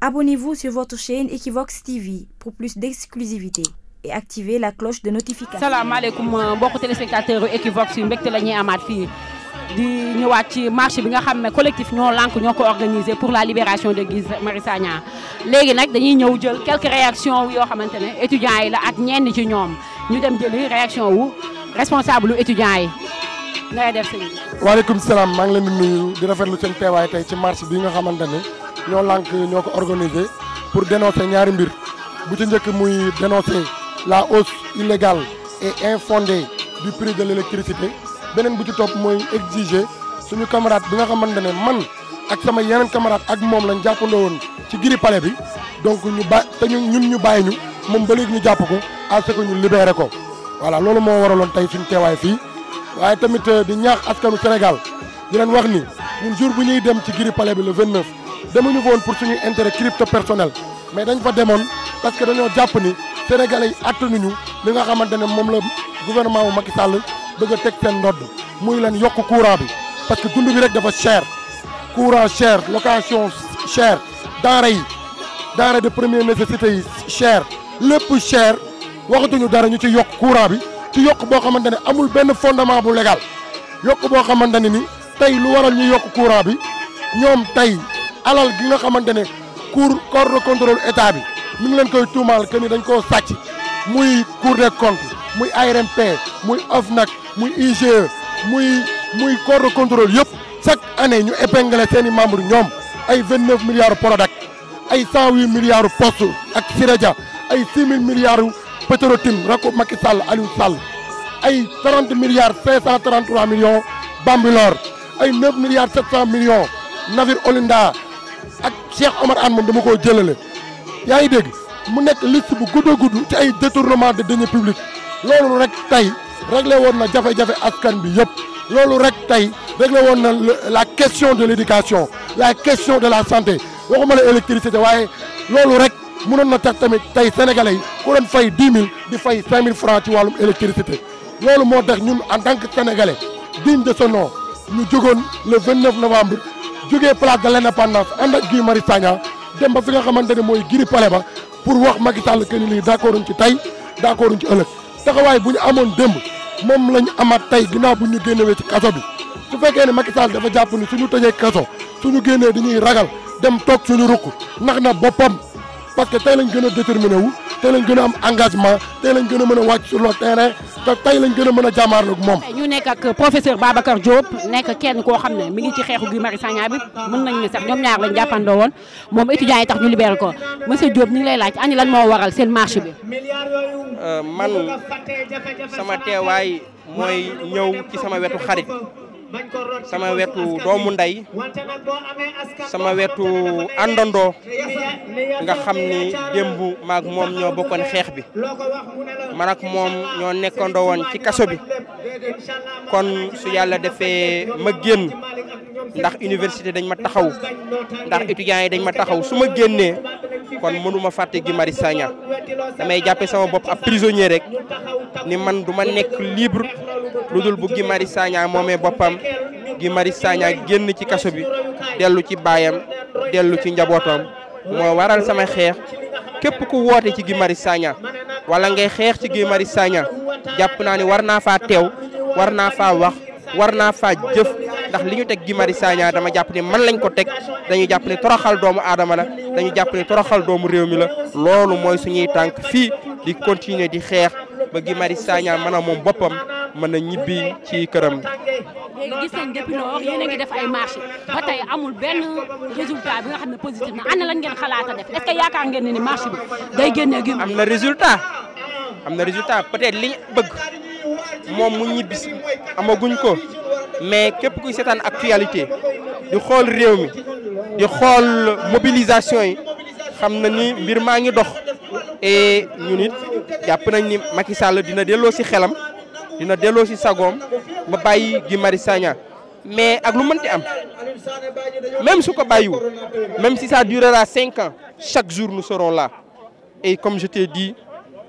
Abonnez-vous sur votre chaîne Equivox TV pour plus d'exclusivité et activez la cloche de notification. salaamaaleykum euh, mbokku téléspectateur yu Equivox yi mbégte la ñuy amaat fii di ñëwaat ci marche bi nga xam ne collectif ñoo lànk ñoo ko organisé pour la libération de Guy Marius Sagna léegi nag dañuy ñëw jël quelques yoo xamante ne étudiants yi la ak ñenn ci ñoom ñu dem jëli réaction wu responsable lu étudiants yi. ngay def sëñ waaleykum salaam maa ngi leen di nuyu di rafetlu seen teewaay tey ci marche nga xamante ne. ñoo lànk ñoo ko organisé pour dénoncer ñaari mbir bu ci njëkk muy dénoncer la hausse illégale et infondée du prix de l'électricité beneen bu ci topp mooy exiger suñu camarade bi nga xamante ne man ak sama yeneen camarade ak moom lañ jàppandoo woon ci giri pale bi donc ñu ba te ñun ñu bàyyi ñu moom ba léegi ñu jàpp ko à ce que ñu libéré ko voilà loolu moo waraloon tey suñu teewaay fii waaye tamit euh, di ñaax askanu Sénégal di leen wax ni ñun jour bu ñuy dem ci giri palais bi le 29. demuñu fa woon pour suñuy intérêt crypto personnel mais dañ fa demoon parce que dañoo jàpp ni sénégalais yi attanuñu li nga xamante ne moom la gouvernement bu Macky Sall bëgg a teg seen ndodd muy leen yokk courant bi parce que dund bi rek dafa cher courant cher location cher denrée yi denrée de première nécessité yi cher lépp cher waxatuñu dara ñu ci yokk courant bi ci yokk boo xamante ne amul benn fondement bu légal yokk boo xamante ne ni tey lu waral ñu yokk courant bi ñoom tey alal gi nga xamante ne cour corps de contrôle état bi mi ngi leen koy tuumaal que ni dañ koo sàcc muy cour des comptes muy ARMP muy OFNAC muy IGE muy muy corps de contrôle yëpp chaque année ñu épinglé seen i membres ñoom ay 29 milliards Prodac ay 108 milliards poste ak Siradia ay 6000 milliards Petrotim rakku Macky Sall Aliou Sall ay 30 milliards 533 millions Bambilor ay 9 milliards 700 millions Navire Olinda ak Cheikh Omar Anne moom dama koo jëlale yaa ngi dégg mu nekk liste bu gudd a gudd ci ay détournement de deniers publics loolu rek tey réglé woon na jafe-jafe askan bi yëpp loolu rek tey réglé woon na la question de l'éducation la question de la santé waxuma la électricité waaye loolu rek mënoon na tax tamit tey sénégalais yi ku doon fay 10 000 di fay 5 000 francs ci wàllum électricité loolu moo tex ñun en tant que sénégalais digne de ce nom ñu jógoon le novembre jógee place de l' indépendance ànd ak Guy mari Sagna dem ba fi nga xamante ne mooy giri pale ba pour wax Macky Sall que ni lii d' accord ci tey d' accord ci ëllëg taxawaay bu ñu amoon démb moom la ñu amaat tey ginnaaw bu ñu génnewee ci kaso bi su fekkee ne Macky Sall dafa jàpp ni suñu tëjee kaso suñu génnee dañuy ragal dem toog suñu rukk ndax na boppam parce que tey lañ gën a wu tey lañ gën a am engagement tey lañ gën a mën a wàcc sur le terrain te tey lañ gën a mën a jàmmaarloog moom. ñu nekk ak professeur Babacar Diop nekk kenn koo xam ne mi ngi ci xeexu gi Marius Sagna bi mën nañu ne sax ñoom ñaar lañ jàppandoo woon moom étudiants yi tax ñu libéré ko monsieur Diop ñu ngi lay laaj ani lan moo waral seen marche bi. Euh, man sama teewaay mooy ñëw ci sama wetu xarit. sama wetu doomu ndey sama wetu àndandoo nga xam ni démb maak moom ñoo bokkoon xeex bi man moom ñoo nekkandoo woon ci kaso bi kon su yàlla defee ma génn ndax université dañ ma taxaw ndax étudiants yi dañ ma taxaw su ma génnee kon mënuma fàtte Guy Marius Sagna damay jàppe sama bopp ab prisonnier rek ni man du ma nekk libre lu dul bu Guy Marius Sagna moomee boppam Guy Marius Sagna génn ci kaso bi dellu ci baayam dellu ci njabootam moo waral sama xeex képp ku woote ci Guy Marius Sagna wala ngay xeex ci Guy Marius Sagna jàpp naa ni war naa faa teew war naa faa wax war naa faa jëf ndax li ñu teg Guy Marius Sagna dama jàpp ne man lañ ko teg dañu jàpp ne toroxal doomu aadama la dañu jàpp ne toroxal doomu réew mi la loolu mooy suñuy tànk fii di continuer di xeex ba Guy Marius Sagna mën a moom boppam mën a ñibbi ci këram. léegi gis a def ay amul benn résultat bi nga xam ne positif na ana lan ngeen xalaat def est-ce que ngeen ne ni marché bi day génnee gi. am na résultat am na résultat peut-être li ñu bëgg moom mu ñibbi amaguñ ko. mais képp kuy seetaan actualité di xool réew mi di xool mobilisation yi xam na ni mbir maa ngi dox et ñun it jàpp nañ ni Macky Sall dina delloo si xelam dina delloo si sagoom ba bàyyi gi Marius Sagna mais ak lu mënti am même su ko bàyyiwul même si ça durera cinq ans chaque jour nous serons la e comme je t'ai dit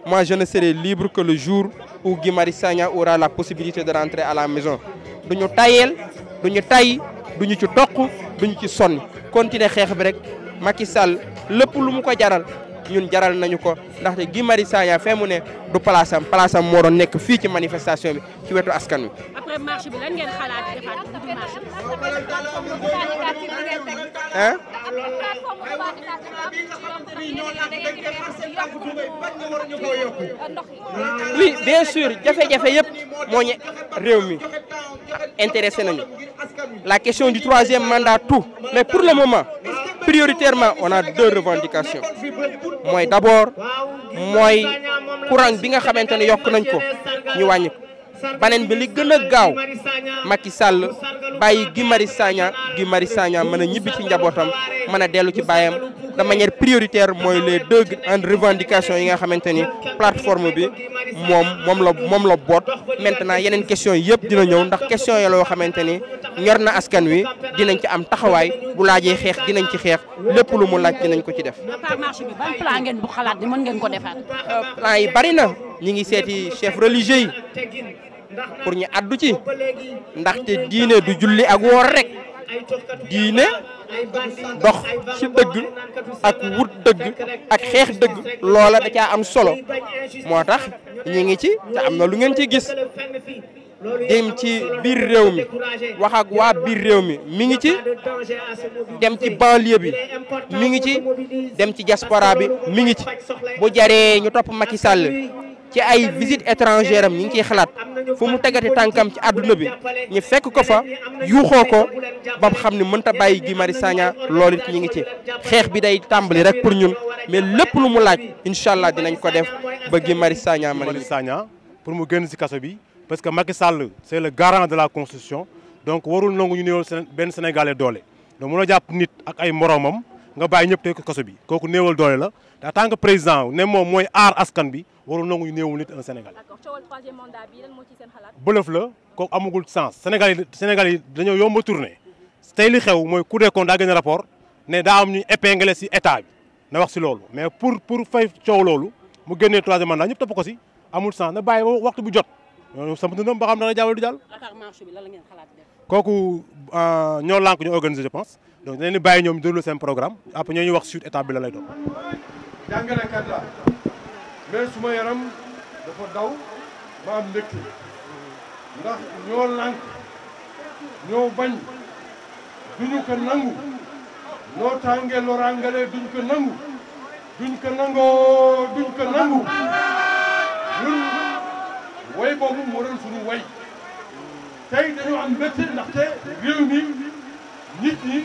moi je ne serai libre que le jour où Guy Marius Sagna aura la possibilité de rentrer à la maison du ñu tayeel du ñu tay du ñu ci toq du ñu ci sonn continuer xeex bi rek Macky Sall lépp lu mu ko jaral ñun jaral nañu ko ndaxte Guy Marius Sagna fee mu ne du place am moo doon nekk fii ci manifestation bi ci wetu askan wi. après marche bien sûr jafe-jafe yëpp moo ñu réew mi intéressé nañu la question du troisième mandat tout mais pour le moment prioritairement on a deux revendications mooy d'abord mooy courant bi nga xamante ne yokk nañ ko ñu wàññi ko baneen bi li gën a gaaw Macky Sall bàyyi Guy Marius Sagna Guy Marius Sagna mën a ñibbi ci njabootam mën a dellu ci baayam de manière prioritaire mooy les deux grandes revendications yi nga xamante ni plateforme bi moom moom la moom la boot maintenant yeneen question yëpp dina ñëw ndax question yo loo xamante ni ñor na askan wi dinañ ci am taxawaay bu laajee xeex dinañ ci xeex lépp lu mu laaj nañ ko ci def. marche plan xalaat ni mën ngeen ko defaat. Euh, plan yi bari na ñi ngi seeti chef religieux yi pour ñu addu ci ndaxte diine du julli ak woor rek. diine dox ci dëgg ak wut dëgg ak xeex dëgg loola da caa am solo moo tax ñi ngi ci te am na lu ngeen ci gis dem ci biir réew mi wax ak waa biir réew mi mi ngi ci dem ci banlieue bi mi ngi ci dem ci diaspora bi mi ngi ci bu jaree ñu topp Macky Sall ci ay visite étrangère am ñu ngi ciy xalaat fu mu tegati tànkam ci àdduna bi ñu fekk ko fa yuuxoo ko ba xam ne mënta bàyyi Guy mari Sagna lool it ñu ngi ci xeex bi day tàmbali rek pour ñun mais lépp lu mu laaj incha allah dinañ ko def ba Guy Marius Sagna ma Sagna pour mu génn si kaso bi parce que Macky sàll c'est le garant de la constitution donc warul nangu ñu ne woon benn sénégalais doole donc mën a jàpp nit ak ay moromam nga bàyyi ñëpp tey ko kaso bi kooku néewal doole la te en que président ne moom mooy aar askan bi warul nangu ñu néewul nit un Sénégal. d'accord bëlëf la kooku amagul sens Sénégal yi Sénégal yi dañoo yomb a tourné li xew mooy Cour des comptes daa gën daa am ñu épinglé si état na wax si loolu mais pour pour fay coow loolu mu génnee troisième mandat ñëpp topp ko si amul sens na bàyyi waxtu bu jot. loolu samp na ba xam dana jàll du jàll. kooku euh, ñoo lànk ñoo organiser je pense donc dinañ leen bàyyi ñoom déglu seen programme après ñoo ñu wax suite étape bi la lay doon. jàngalekat la mais suma yaram dafa daw ba am ndëkk ndax ñoo lànk ñoo bañ duñu ko nangu noo tàngee loraangale duñ ko nangu duñ ko nangoo duñ ko nangu ñun way boobu moo doon suñu way tey dañoo am mbégte ndaxte réew mi. nit ñi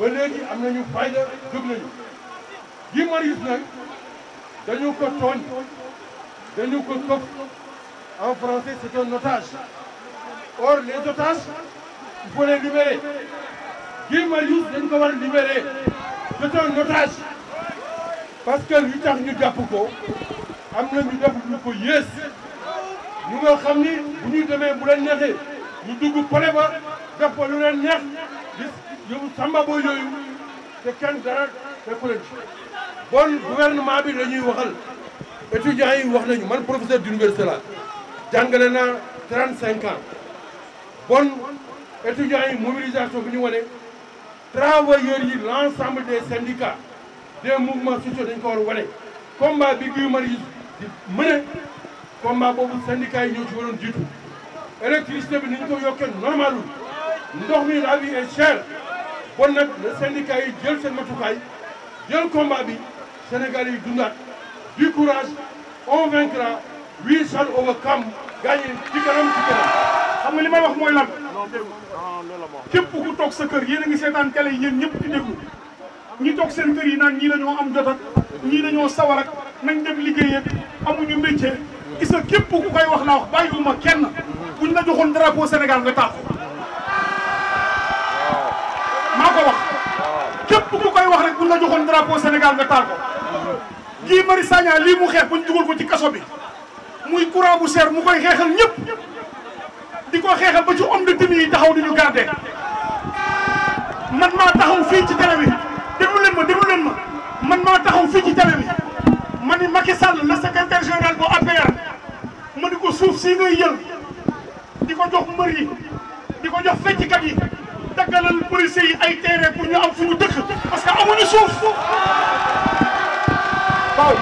léegi am nañu fayda jóg nañu Guy Marius nag dañu ko tooñ dañu ko këf en français c'est un otage or les otages il faut les libérer Guy Marius dañ ko war a libérer c'est ñu jàpp ko am na ñu def ko yées ñu nga xam ni bu ñu demee bu leen ñu dugg pale ba def ko lu yóbbu samba boo yooyu te kenn dara fekku bon gouvernement bi la ñuy waxal étudiants yi wax nañu man professeur d'université la jàngale na 35 ans bon étudiants yi mobilisation bi ñu wane travailleurs yi l'ensemble des syndicats des mouvements sociaux dañ ko war a bi Guy Marius di mëne combat boobu syndicats yi ñoo ci waroon bi ni ñu ko ndox mi la vie est kon nag le syndicat yi jël seen matukaay jël combat bi Sénégal yi dundaat du courage on vaincra we shall overcome gaañi ci kanam ci kanam. xam nga li may wax mooy lan képp ku toog sa kër yéen a ngi seetaan télé yi yéen ñëpp di déglu ñi toog seen kër yi naan ñii dañoo am jot ak ñii dañoo sawar ak nañ dem liggéey ak amuñu métier gis nga képp ku koy wax naa wax bàyyiwuma kenn buñ la joxoon drapeau Sénégal nga tàq. wax rek bu la joxoon drapeau Sénégal nga taal ko Guy Marius lii mu xeex buñ dugal ko ci kaso bi muy courant bu cher mu koy xeexal ñëpp di ko xeexal ba ci homme de tenue yi taxaw di ñu garder man maa taxaw fii ci télé bi déglu leen man maa taxaw ma ni Macky Sall la secrétaire général bu APR ma ni ko suuf si ngay jël di ko jox mbër yi di ko jox fecckat yi daggalal policiers yi ay terrain pour ñu am fu ñu dëkk suuf waaw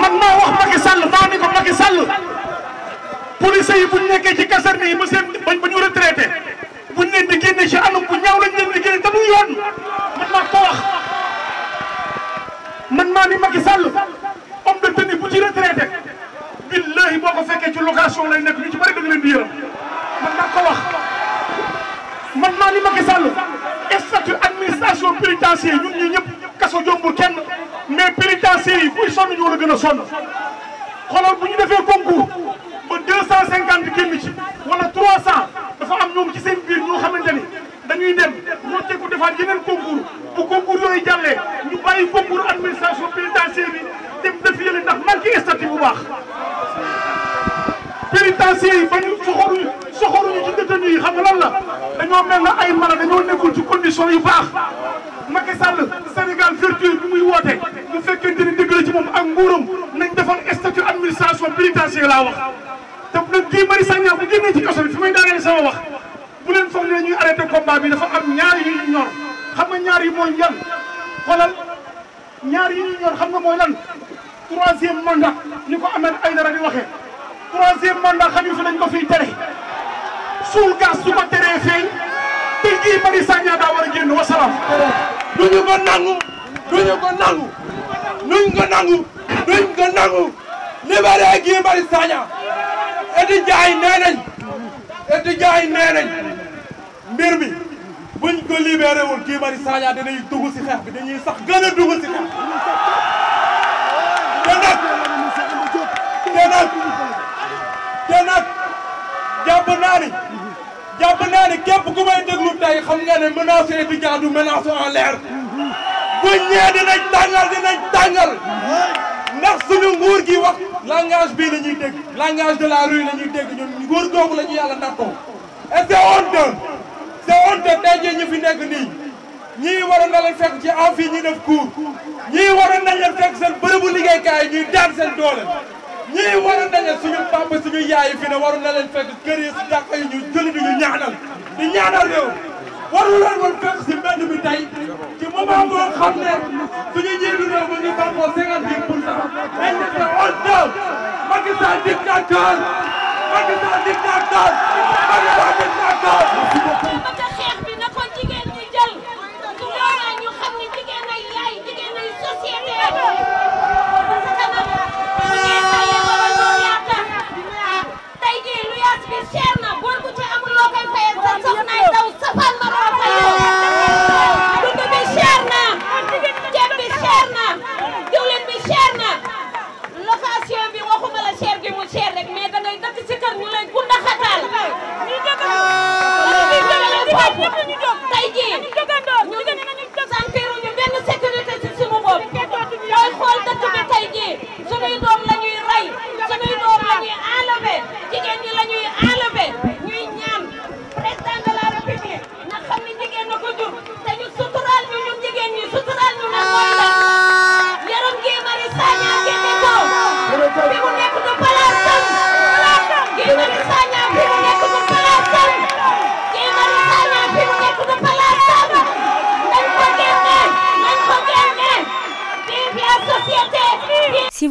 man maa wax Macky Sall maa ni ko Macky Sall police bu ñu nekkee ci caserne yi ba seen ba ñu retraité bu ñu leen di génne ci anam bu ñaaw lañ leen di génne te du yoon man maa ko wax man maa ni bu ci retraité billahi boo ko fekkee ci location lay nekk ñu bari da nga leen man maa ko wax man maa ni Macky Sall pénitencier ñun ñi ñëpp kaso jombul kenn mais pénitencier yi buy sonn ñu war a gën a sonn xoolal bu ñu defee concours ba deux cent cinquante génn ci wala trois cent dafa am ñoom ci seen biir ñoo xamante ni dañuy dem ñoo ko defaat yeneen concours bu concours yooyu jàllee ñu bàyyi concours administration pénitentiaire bi dem def yële ndax manqué statut bu baax pénitentiaire yi ba soxoruñu ci détenu yi xam nga lan la dañoo mel na ay mala dañoo nekkul ci condition yu baax Macky Sall Sénégal vertu bi muy woote bu fekkente ni dëgg la ci moom ak nguuram nañ defal statut administration pénitentiaire laa wax te bu leen kii Mari Sagna bu génnee ci bi fi may daaneel sama wax bu leen foog ne ñuy arrêté combat bi dafa am ñaar yu ñu ñor xam nga ñaar yi mooy yan xoolal ñaar yi ñu ñor xam nga mooy lan troisième mandat ni ko Ahmed Aïdara di waxee troisième mandat xam nga fi lañ ko fiy tere suul gas su ko teree feeñ te kii du ñu ko du ñu ko nuñ ko nangu duñ ko nangu libéré Mari Sagna étudiants yi nee nañ étudiants yi mbir mi buñ ko libéré wul kii Mari Sagna dinañ dugg si xeex bi dañuy sax gën a dugg si xeex te nag te jàpp naa ne képp ku may déglu tey xam nga ne menace a du menace en l'air bu ñëwee dinañ tàngal dinañ tàngal ndax suñu nguur gi wax langage bii la ñuy dégg langage de la rue la ñuy nguur googu la ñu yàlla nattoo et c'est honteux c'est honteux tey ñu fi nekk nii ñii waroon na fekk ci amphi ñu def cours ñii waroon nañ leen fekk seen bërëbu liggéeykaay ñuy daan seen doole ñii waru nañu suñu papa suñu yaay fi ne waru na leen fekk kër yi si jàkka yi ñu ñu ñaanal di ñaanal réew waru leen woon fekk si mbedd bi tey ci moment boo xam ne suñu njiitu réew mi ngi bàqoo cinquante dix pour cent dañ ne te on daw Macky Sall dictateur Macky Sall dictateur Macky Sall dictateur